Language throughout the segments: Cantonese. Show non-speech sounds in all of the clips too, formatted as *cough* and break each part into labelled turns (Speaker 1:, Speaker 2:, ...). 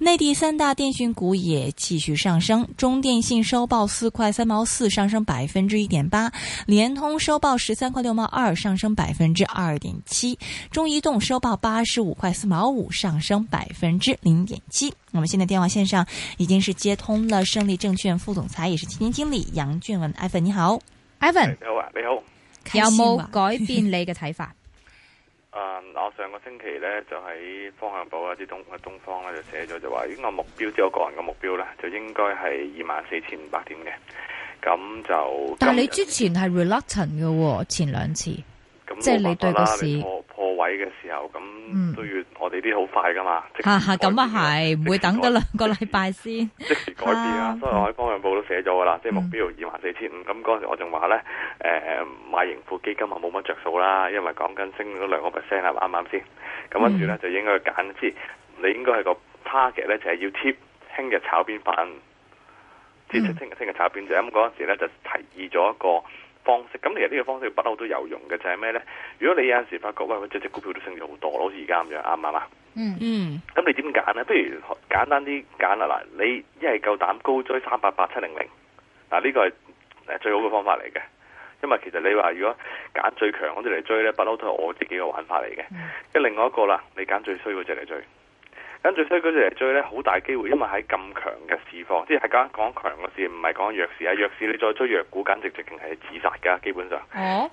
Speaker 1: 內地三大電訊股也繼續上升，中電信收報四塊三毛四，上升百分之一點八；聯通收報十三塊六毛二，上升百分之二點七；中移動收報八十五塊四毛五，上升百分之零點七。我們現在電話線上已經是接通了勝利證券副總裁，也是基金經理楊俊文。你 Ivan，你好，Ivan 你
Speaker 2: 好啊，你好，
Speaker 1: 啊、有冇改變你嘅睇法？ *laughs*
Speaker 2: 誒、uh，我上個星期咧就喺《方向報》啊，啲東啊東方咧就寫咗就話，應該目標只有我個人嘅目標咧，就應該係二萬四千五百點嘅，咁就。但係你之
Speaker 1: 前係 reluctant 嘅喎，前兩次。即係你
Speaker 2: 對個市破破位嘅時候，咁、嗯、都要我哋啲好快噶嘛？
Speaker 1: 咁啊係，唔、啊、會等多兩個禮拜先。
Speaker 2: 即時改變啦、啊，所以我喺《方向報》都寫咗噶啦。即係目標二萬四千五。咁嗰陣時我仲話咧，誒、嗯，買盈富基金啊，冇乜着數啦，因為講緊升咗兩個 percent 啦，啱啱先？咁跟住咧就應該揀，即你應該係個 target 咧，就係要貼聽日炒邊板，即係聽日聽日炒邊仔。咁嗰陣時咧就提議咗一個。方式，咁其實呢個方式不嬲都有用嘅，就係、是、咩呢？如果你有陣時發覺喂，隻、哎、隻股票都升咗好多，好似而家咁樣，啱唔啱啊？嗯嗯。咁你點揀呢？不如簡單啲揀啦！嗱，你一係夠膽高追三八八七零零，嗱、這、呢個係最好嘅方法嚟嘅，因為其實你話如果揀最強嗰啲嚟追呢，不嬲都係我自己嘅玩法嚟嘅。即、嗯、跟另外一個啦，你揀最衰嗰隻嚟追。跟住所以佢就嚟追咧，好大機會，因為喺咁強嘅市況，即係講講強嘅事，唔係講弱市啊。弱市你再追弱股，簡直直情係自殺噶，基本上。
Speaker 3: 啊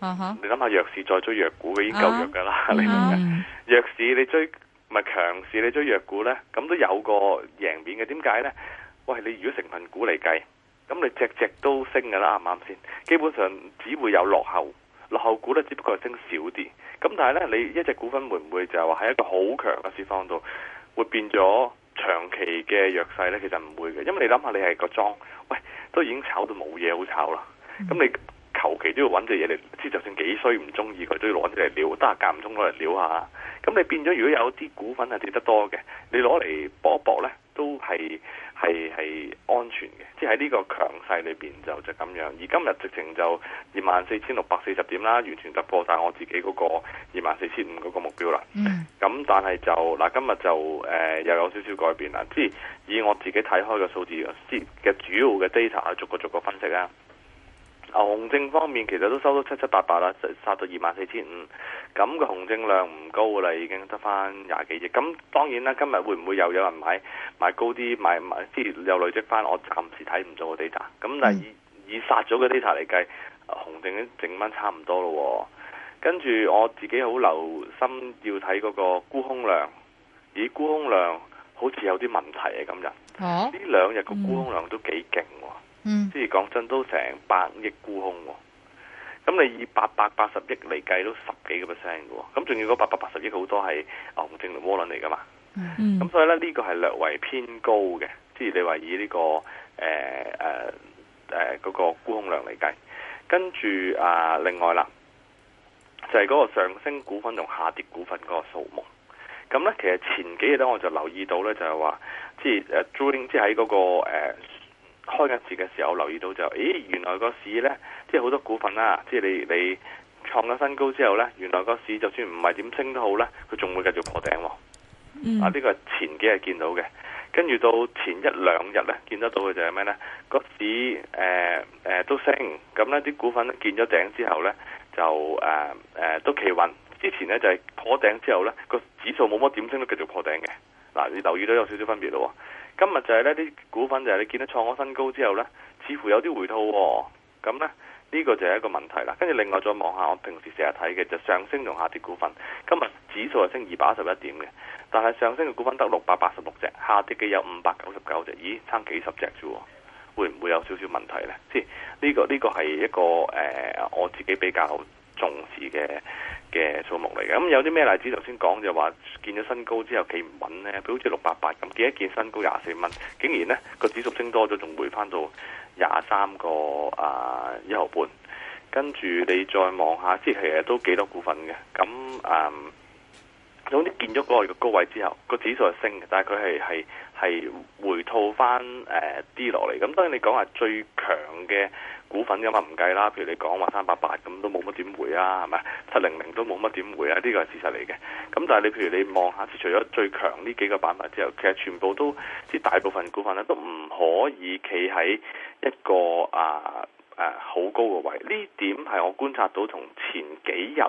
Speaker 3: 啊、你
Speaker 2: 諗下弱市再追弱股，已經夠弱噶啦、啊，你明唔明？弱市你追，唔係強市你追弱股咧，咁都有個贏面嘅。點解咧？喂，你如果成份股嚟計，咁你只只都，都升噶啦，啱唔啱先？基本上只會有落後，落後股咧，只不過係升少啲。咁但係咧，你一隻股份會唔會就係話喺一個好強嘅市況度，會變咗長期嘅弱勢咧？其實唔會嘅，因為你諗下，你係個莊，喂都已經炒到冇嘢好炒啦。咁你求其都要搵隻嘢嚟，即係就算幾衰唔中意，佢都要攞隻嚟撩。得閒間唔中攞嚟撩下。咁你變咗，如果有啲股份係跌得多嘅，你攞嚟搏一搏咧，都係。係係安全嘅，即喺呢個強勢裏邊就，就咁樣。而今日直情就二萬四千六百四十點啦，完全突破晒我自己嗰個二萬四千五嗰個目標啦。嗯，咁但係就嗱，今日就誒、呃、又有少少改變啦。即係以我自己睇開嘅數字，嘅主要嘅 data 逐個逐個分析啦。啊，紅證方面其實都收到七七八八啦，就殺到二萬四千五。咁個紅證量唔高啦，已經得翻廿幾億。咁當然啦，今日會唔會又有人買買高啲買買，即係又累積翻？我暫時睇唔到個 data。咁但係，以以殺咗個 data 嚟計，紅證剩翻差唔多咯。跟住我自己好留心要睇嗰個沽空量，咦，沽空量好似有啲問題啊！今日
Speaker 3: 呢、啊、
Speaker 2: 兩日個沽空量都幾勁。啊嗯即係講真都成百億沽空，喔，咁你以八百八十億嚟計都十幾個 percent 嘅，喔，咁仲要嗰八百八十億好多係熊證同窩輪嚟噶嘛？嗯，咁所以咧呢這個係略為偏高嘅，即係你話以呢、這個誒誒誒個沽空量嚟計，跟住啊另外啦，就係、是、嗰個上升股份同下跌股份嗰個數目。咁咧其實前幾日咧我就留意到咧就係、是、話，即係誒，朱即係嗰個誒。開日節嘅時候留意到就，咦，原來個市呢，即係好多股份啦，啊，即係你你創咗新高之後呢，原來個市就算唔係點升都好呢，佢仲會繼續破頂。哦。嗯，
Speaker 3: 啊，呢，這
Speaker 2: 個係前幾日見到嘅，跟住到前一兩日呢，見得到嘅就係咩呢？那個市誒誒，呃呃，都升，咁呢啲股份見咗頂之後呢，就誒誒，呃呃，都企穩。之前呢，就係，是，破頂之後呢，個指數冇乜點升都繼續破頂嘅。嗱，啊，你留意到有少少分別咯。哦。今日就係呢啲股份就係你見到創咗新高之後呢，似乎有啲回吐喎、哦。咁呢，呢、這個就係一個問題啦。跟住另外再望下，我平時成日睇嘅就上升同下跌股份。今日指數係升二百一十一點嘅，但係上升嘅股份得六百八十六隻，下跌嘅有五百九十九隻。咦，差幾十隻啫、啊？會唔會有少少問題呢？即、這、呢個呢、這個係一個誒、呃，我自己比較好。重視嘅嘅數目嚟嘅，咁、嗯、有啲咩例子？頭先講就話、是、見咗新高之後企唔穩咧，好似六八八咁，比688，見一見新高廿四蚊，竟然呢個指數升多咗，仲回翻到廿三個啊、呃、一毫半，跟住你再望下，即係其實都幾多股份嘅，咁啊，總、呃、之見咗過去嘅高位之後，個指數係升嘅，但係佢係係係回吐翻誒跌落嚟，咁、呃嗯、當然你講話最強嘅。股份咁啊唔計啦，譬如你講話三百八咁都冇乜點回啊，係咪七零零都冇乜點回啊？呢個係事實嚟嘅。咁但係你譬如你望下，除咗最強呢幾個板塊之後，其實全部都即係大部分股份咧都唔可以企喺一個啊誒好、啊、高嘅位。呢點係我觀察到同前幾日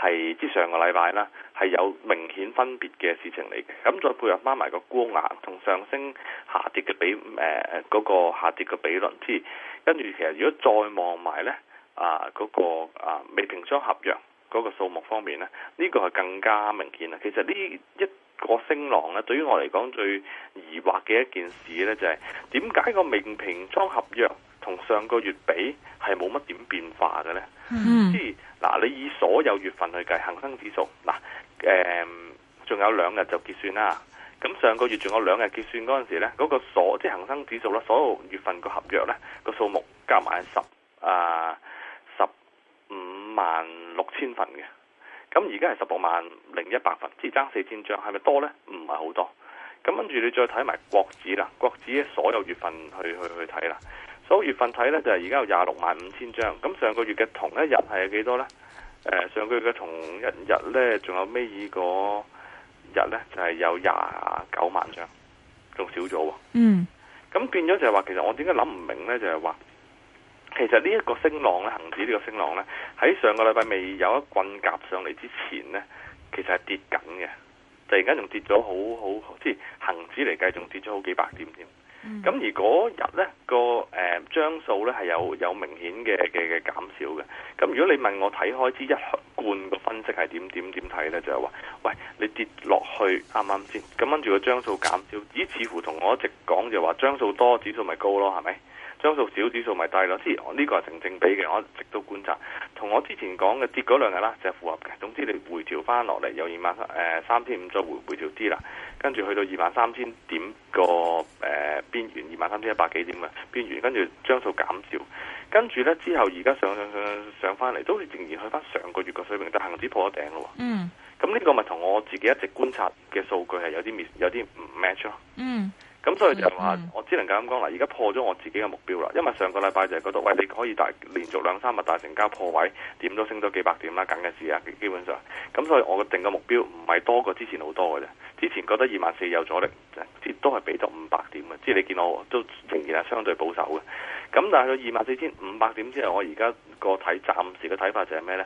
Speaker 2: 係即上個禮拜啦，係有明顯分別嘅事情嚟嘅。咁再配合翻埋個沽壓同上升下跌嘅比誒嗰、啊嗰個下跌嘅比率之。跟住其實如果再望埋呢啊嗰、嗰個啊未平倉合約嗰個數目方面呢，呢、呢個係更加明顯啦。其實呢一個升浪呢對於我嚟講最疑惑嘅一件事呢就係點解個未平倉合約同上個月比係冇乜點變化嘅呢？嗯，即係嗱，你以所有月份去計恒生指數，嗱誒，仲、嗯、有兩日就結算啦。咁上個月仲有兩日結算嗰陣時呢，嗰、嗰個所即係恒生指數啦，所有月份個合約呢、嗰個數目加埋十啊十五萬六千份嘅，咁而家係十六萬零一百份，只係爭四千張，係咪多呢？唔係好多。咁跟住你再睇埋國指啦，國指嘅所有月份去去去睇啦，所有月份睇呢，就係而家有廿六萬五千張。咁上個月嘅同一日係幾多呢、呃？上個月嘅同一日呢，仲有咩意個？日咧就係有廿九萬張，仲少咗喎。嗯，咁變咗就係話，其實我點解諗唔明咧？就係話，其實呢一個升浪咧，恒指呢個升浪咧，喺上個禮拜未有一棍夾上嚟之前咧，其實係跌緊嘅。突然間仲跌咗好好，即係恒指嚟計仲跌咗好幾百點添。咁、嗯、而嗰日呢個誒張數呢係有有明顯嘅嘅嘅減少嘅。咁如果你問我睇開支一貫個分析係點點點睇呢，就係、話：喂，你跌落去啱啱先？咁跟住個張數減少，咦？似乎同我一直講就話張數多指數咪高咯，係咪？張數少，指數咪低咯。我呢個係成正比嘅。我一直都觀察，同我之前講嘅跌嗰兩日啦，就係符合嘅。總之你回調翻落嚟，由二萬三、呃、三千五再回回調啲啦，跟住去到二萬三千點個誒、呃、邊緣，二萬三千一百幾點嘅邊緣，跟住張數減少，跟住咧之後而家上上上上翻嚟，都仍然去翻上個月個水平，但係唔止破咗頂咯。嗯。咁呢個咪同我自己一直觀察嘅數據係有啲有啲唔 match 咯。嗯。咁所以就話，我只能夠咁講啦。而家破咗我自己嘅目標啦，因為上個禮拜就係嗰度。喂，你可以大連續兩三日大成交破位，點都升咗幾百點啦，梗嘅事啊，基本上。咁所以我嘅定嘅目標唔係多過之前好多嘅啫。之前覺得二萬四有阻力，都係俾咗五百點嘅。即你見我都仍然係相對保守嘅。咁但係到二萬四千五百點之後，我而家個睇暫時嘅睇法就係咩呢？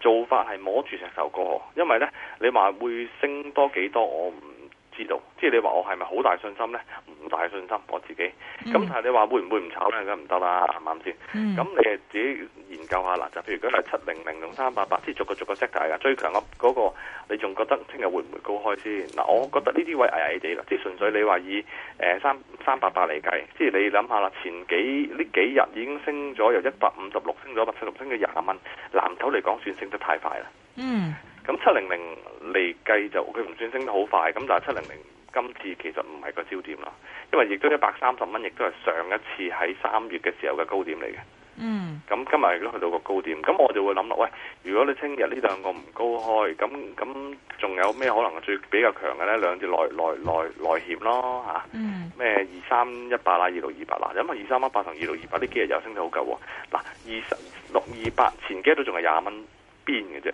Speaker 2: 做法係摸住石頭過河，因為呢，你話會升多幾多，我唔～知道，即係你話我係咪好大信心呢？唔大信心，我自己。咁但係你話會唔會唔炒咧？梗唔得啦，啱唔啱先？咁、mm. 你自己研究一下啦。就譬如佢係七零零同三八八，即係逐個逐個 set 大噶。最強嗰嗰個，你仲覺得聽日會唔會高開先？嗱，我覺得呢啲位矮矮地啦。即係純粹你話以誒三三八八嚟計，即係你諗下啦，前幾呢幾日已經升咗由一百五十六升咗一百七十六升咗廿蚊。藍籌嚟講，算升得太快啦。嗯、
Speaker 3: mm.。
Speaker 2: 咁七零零嚟計就佢唔算升得好快，咁但係七零零今次其實唔係個焦點啦，因為亦都一百三十蚊，亦都係上一次喺三月嘅時候嘅高點嚟嘅。嗯，咁今日亦都去到個高點，咁我就會諗落喂，如果你聽日呢兩個唔高開，咁咁仲有咩可能最比較強嘅呢？兩隻內內內內險咯嚇，咩二三一八啦，二六二八啦，因為二三一八同二六二八呢幾日又升得好夠喎。嗱、啊，二十六二八前幾日都仲係廿蚊邊嘅啫。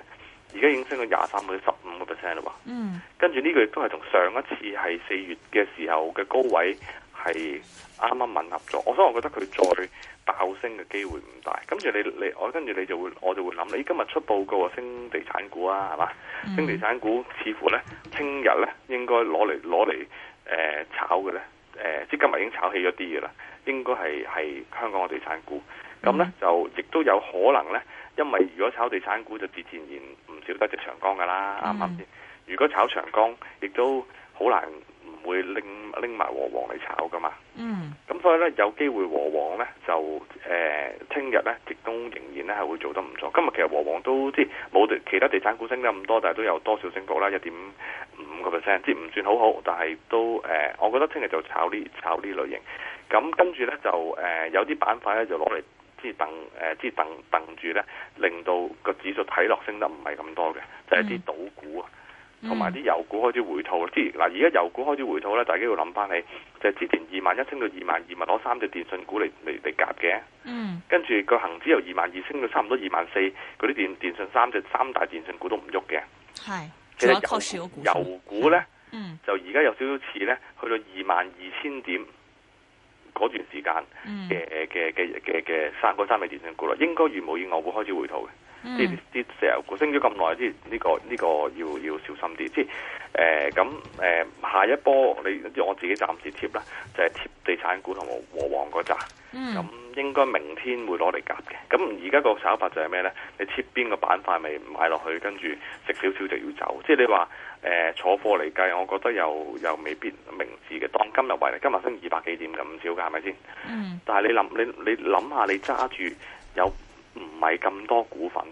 Speaker 2: 而家已經升到廿三個十五個 percent 啦喎，嗯，個跟住呢個亦都係同上一次係四月嘅時候嘅高位係啱啱吻合咗，所以我覺得佢再爆升嘅機會唔大。跟住你你我跟住你就會我就會諗，你今日出報告啊，升地產股啊，係嘛、嗯？升地產股似乎咧，聽日咧應該攞嚟攞嚟誒炒嘅咧，誒、呃、即今日已經炒起咗啲嘅啦，應該係係香港嘅地產股，咁咧就亦都有可能咧。因為如果炒地產股就自自然然唔少得隻長江噶啦，啱唔啱先？如果炒長江，亦都好難唔會拎拎埋和黃嚟炒噶嘛。嗯。咁所以咧，有機會和黃咧就誒，聽日咧，直東仍然咧係會做得唔錯。今日其實和黃都即係冇其他地產股升得咁多，但係都有多少升幅啦，一點五個 percent，即係唔算好好，但係都誒、呃，我覺得聽日就炒呢炒呢類型。咁跟住咧就誒、呃，有啲板塊咧就攞嚟。之掹，誒住咧，令到個指數睇落升得唔係咁多嘅、嗯，就係啲倒股啊，同埋啲油股開始回吐。即係嗱，而家油股開始回吐咧，大家要諗翻起，就係、是、之前二萬一升到二萬二，咪攞三隻電信股嚟嚟嚟夾嘅。嗯，跟住個恒指由二萬二升到差唔多二萬四，嗰啲電信三隻三大電信股都唔喐嘅。係，而且油油股咧，嗯，就而家有少少似咧，去到二萬二千點。嗰段時間嘅嘅嘅嘅嘅三個三米電信股啦，應該如無意外會開始回吐嘅。啲啲石油股升咗咁耐，啲呢個呢個要要小心啲。即係誒咁誒下一波，你即係我自己暫時貼啦，就係、是、貼地產股同和黃嗰扎。咁、嗯、應該明天會攞嚟夾嘅。咁而家個炒法就係咩咧？你貼邊個板塊咪買落去，跟住食少少就要走。即係你話誒坐貨嚟計，我覺得又又未必明智嘅。當今日為嚟，今日升二百幾點咁少嘅，係咪先？嗯。但係你諗你你諗下，你揸住有。唔係咁多股份，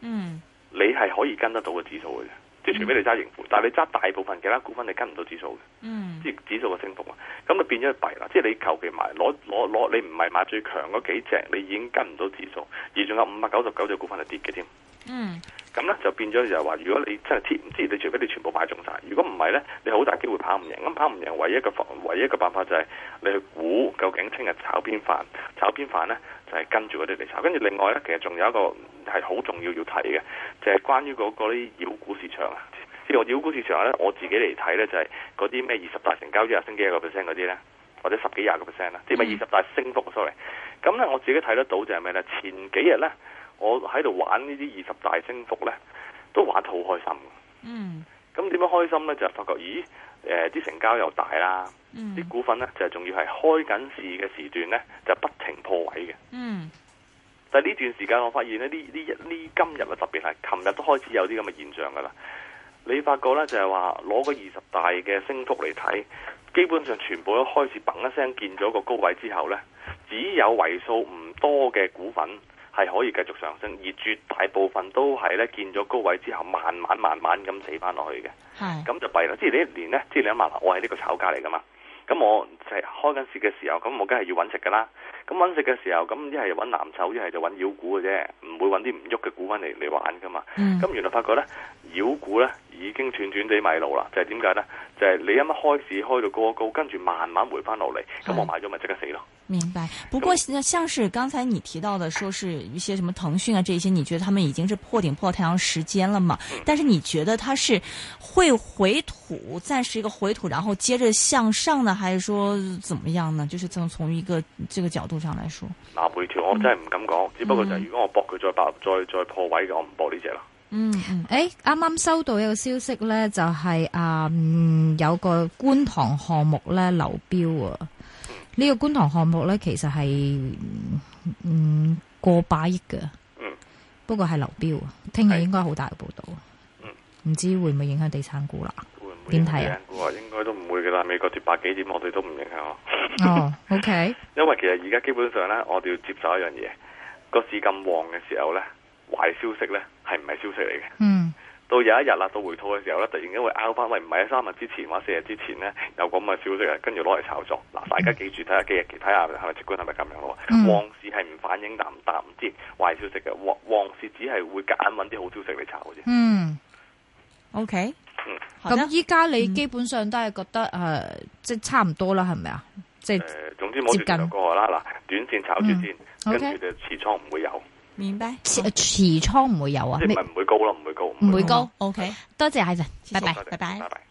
Speaker 2: 嗯，你係可以跟得到個指數嘅，嗯，即係除非你揸盈富，但係你揸大部分其他股份，你跟唔到指數嘅，嗯，即係指數嘅升幅啊，咁就變咗弊啦，即係你求其買，攞攞攞，你唔係買最強嗰幾隻，你已經跟唔到指數，而仲有五百九十九隻股份係跌嘅添，嗯，咁咧就變咗就係話，如果你真係天，唔知，即係你除非你全部買中晒，.唔係咧，你好大機會跑唔贏。咁跑唔贏唯，唯一嘅唯一個辦法就係你去估究竟聽日炒邊範。炒邊範咧，就係、是、跟住嗰啲嚟炒。跟住另外咧，其實仲有一個係好重要要睇嘅，就係、是、關於嗰啲妖股市場啊。至於妖股市場咧，我自己嚟睇咧，就係嗰啲咩二十大成交日升幾多個 percent 嗰啲咧，或者十幾廿個 percent 啦，即係二十大升幅。嗯、sorry，咁咧我自己睇得到就係咩咧？前幾日咧，我喺度玩呢啲二十大升幅咧，都玩得好開心嘅，嗯。咁點樣開心呢？就發覺，咦，啲、呃、成交又大啦，啲、mm. 股份呢，就係、是、仲要係開緊市嘅時段呢，就不停破位嘅。嗯、mm.，但呢段時間，我發現呢呢呢今日啊特別係，琴日都開始有啲咁嘅現象㗎啦。你發覺呢，就係話攞個二十大嘅升幅嚟睇，基本上全部都開始砰一聲見咗個高位之後呢，只有為數唔多嘅股份。係可以繼續上升，而絕大部分都係咧，見咗高位之後，慢慢慢慢咁死翻落去嘅。咁就弊啦。即係呢一年咧，即係兩萬萬，我係呢個炒家嚟噶嘛。咁我係開緊市嘅時候，咁我梗係要搵食噶啦。咁揾食嘅時候，咁一係揾藍籌，一係就揾妖股嘅啫，唔會揾啲唔喐嘅股份嚟嚟玩噶嘛。咁、嗯、原來發覺咧，妖股咧已經斷斷地迷路啦。就係點解呢？就係、是、你一開始開到高高，跟住慢慢回翻落嚟，咁、哎、我買咗咪即刻死咯。
Speaker 1: 明白。不過，像是剛才你提到的，說是一些什麼騰訊啊，這些，你覺得他們已經是破頂破太陽時間了嘛、嗯？但是，你覺得它是會回吐，暫時一個回吐，然後接着向上呢？還是說怎麼樣呢？就是從從一個這個角度。立場來
Speaker 2: 嗱，我真係唔敢講、嗯，只不過就如果我搏佢再白再再破位嘅，我唔搏呢隻啦。嗯，
Speaker 1: 誒，啱啱、嗯欸、收到一個消息咧，就係、是、誒、嗯、有一個觀塘項目咧流標啊。呢、嗯這個觀塘項目咧，其實係嗯過百億嘅，嗯，不過係流標啊，聽日應該好大嘅報道，嗯，唔知會唔會影響地產股啦。點睇
Speaker 2: 啊？我應該都唔會嘅啦，美國跌百幾點我，我哋都唔影響哦，OK。 *laughs* 因為其實而家基本上咧，我哋要接受一樣嘢，個市咁旺嘅時候咧，壞消息咧係唔係消息嚟嘅。嗯、mm.。到有一日啦，到回吐嘅時候咧，突然間會 out 翻，喂唔係喺三日之前或者四日之前咧有咁嘅消息，跟住攞嚟炒作。嗱，大家記住睇下、mm. 幾日期睇下，睇下係咪直觀係咪咁樣咯。旺市係唔反映淡淡，但唔但唔知壞消息嘅。旺市只係會夾硬搵啲好消息嚟炒嘅啫。嗯、
Speaker 1: mm.。OK。咁依家你基本上都係覺得誒、嗯嗯，即係差唔多啦，係咪啊？即係誒，總之冇跌落
Speaker 2: 過啦。嗱，短線炒住先、嗯 OK，跟住就持倉唔會有。
Speaker 1: 明白，持持倉唔會有啊？即係唔
Speaker 2: 會高咯，唔會高，唔會
Speaker 1: 高。嗯、O、okay、K，多謝，係謝，拜拜，拜拜，拜拜。